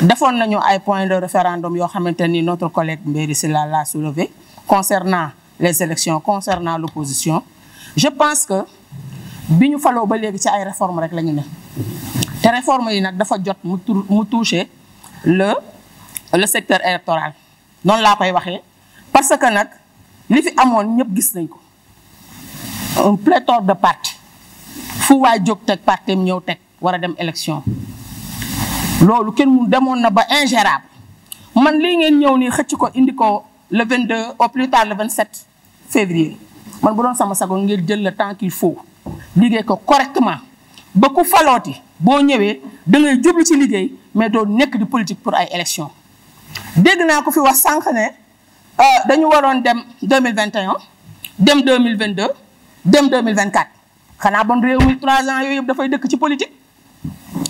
Nous avons ay point de référendum que notre collègue Mbéri Sylla l'a soulevé concernant les élections concernant l'opposition je pense que nous nous faire des ci réformes Les réformes yi nag dafa toucher le le secteur électoral Non la koy parce que nous avons un pléthore de partis Il faut que nous ayons des partis teg élections. dem lolou ken mu demone na ba ingérable man que ngeen ñew ni ko le 22 au plus tard le 27 février man bu doon sama sago le temps qu'il faut liggéey ko correctement ba ku faloti bo ñëwé da ngay jublu ci liggéey mais dans nekk di politique pour ay élection Dès que ko fi wax sànq ne euh, dañu waroon dem 2021 dem 2022 dem 2024 xanaa bon réew mi trois ans yooyu yëpp dafay dëkk ci politique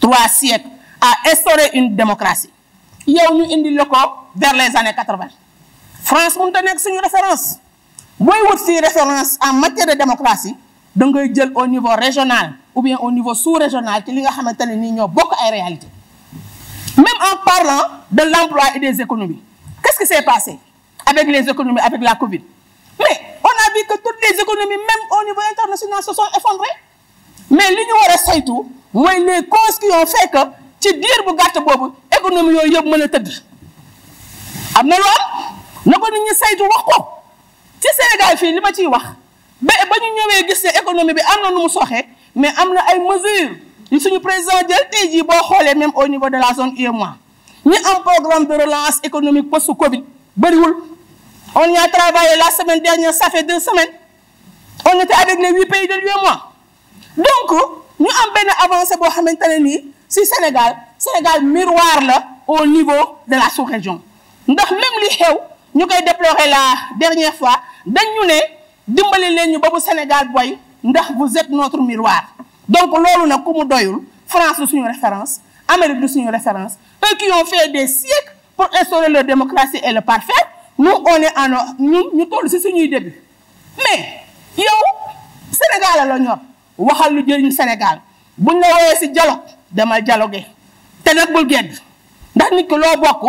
trois siècles à instaurer une démocratie y a eu une vers les années 80. France on a une une référence vous wut une référence en matière de démocratie donc au niveau régional ou bien au niveau sous-régional qui a nga qu'il réalité même en parlant de l'emploi et des économies qu'est-ce qui s'est passé avec les économies avec la Covid mais on a vu que toutes les économies même au niveau international se sont effondrées mais l'Union européenne, tout, mooy les causes qui ont fait que ci diir bu gàtt bobu économie yooyu yëpp mën a tëdd am lool na nit ñi saytu wax ko ci Sénégal fi li ma ciy wax ba ba ñu ñëwee gis ne économie bi amna nu mu soxé mais amna ay mesures ni suñu président jël tey jii boo même au niveau de la zone y ni am programme de relance économique post Covid wul on y a travaillé la semaine dernière ça fait deux semaines on était avec les huit pays de l'UEMOA donc nous avons avancé pour boo xamante ne Sénégal Sénégal miroir au niveau de la sous-région Donc, même li xew nous koy déploré la dernière fois nous avons dit que leen ñu Sénégal boy vous êtes notre miroir donc nous, nous nous sommes doyul France est une référence Amérique est une référence eux qui ont fait des siècles pour instaurer leur démocratie et le parfait nous on est en nous ñu toll si suñuy début mais yow Sénégal la là, waxal lu jëriñ Sénégal buñ la woowee si dialogue demal dialogue te nag bul gedd ndax nit ko loo bokk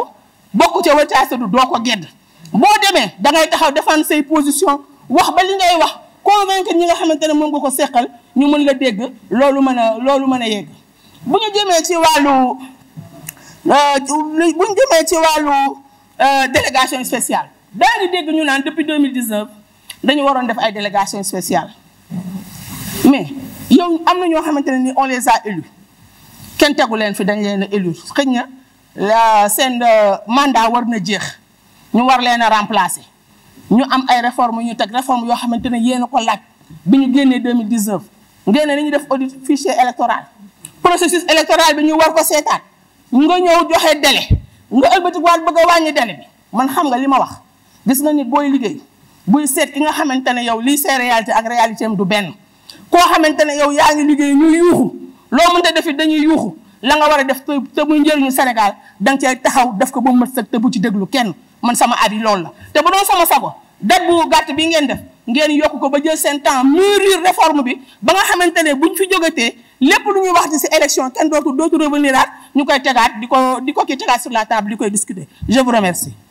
bokk ca wàccaase du doo ko gedd boo demee da ngay taxaw défendre say position wax ba li ngay wax koo convaincre ñi nga xamante ne moom nga ko seqal ñu mën la dégg loolu mën a loolu mën a yegg bu ñu jëmee ci wàllu euh, bu ñu jëmee ci wàllu euh, délégation spéciale daal di dégg ñu naan depuis 2019 dañu waroon def ay délégation spéciale mais yow am na ñoo xamante ne ni on les a élus kenn tegu leen fi dañ leen a élu xëy na la seen euh, mandat war na jeex ñu war leen a remplacer ñu am ay réformes ñu teg réforme yoo xamante ne yéen a ko laaj bi ñu génnee 2019 ngeen ne ñu def audit fichier électoral processus électoral bi ñu war ko seetaat nga ñëw joxe délai nga ëlbatikuwaat bëgg a wàññi délai bi man xam nga li ma wax gis nga ni booy liggéey buy seet ki nga xamante ne yow lii see ak réalité du benn. koo xamante ne yow yaa ngi liggéey ñuy yuuxu loo mënta defi dañuy yuuxu la nga war a def te muy njëriñu Sénégal da nga cay taxaw def ko ba mu mën sëg te bu ci déglu kenn man sama yi loolu la. te bu doon sama sago date bu gàtt bi ngeen def ngeen yokk ko ba jël seen temps mûrir réforme bi ba nga xamante ne buñ fi jógatee lépp lu ñuy wax ci si élection kenn dootu dootu revenir ñu koy tegaat di ko di ko kii tegaat sur la table di koy discuter je vous remercie.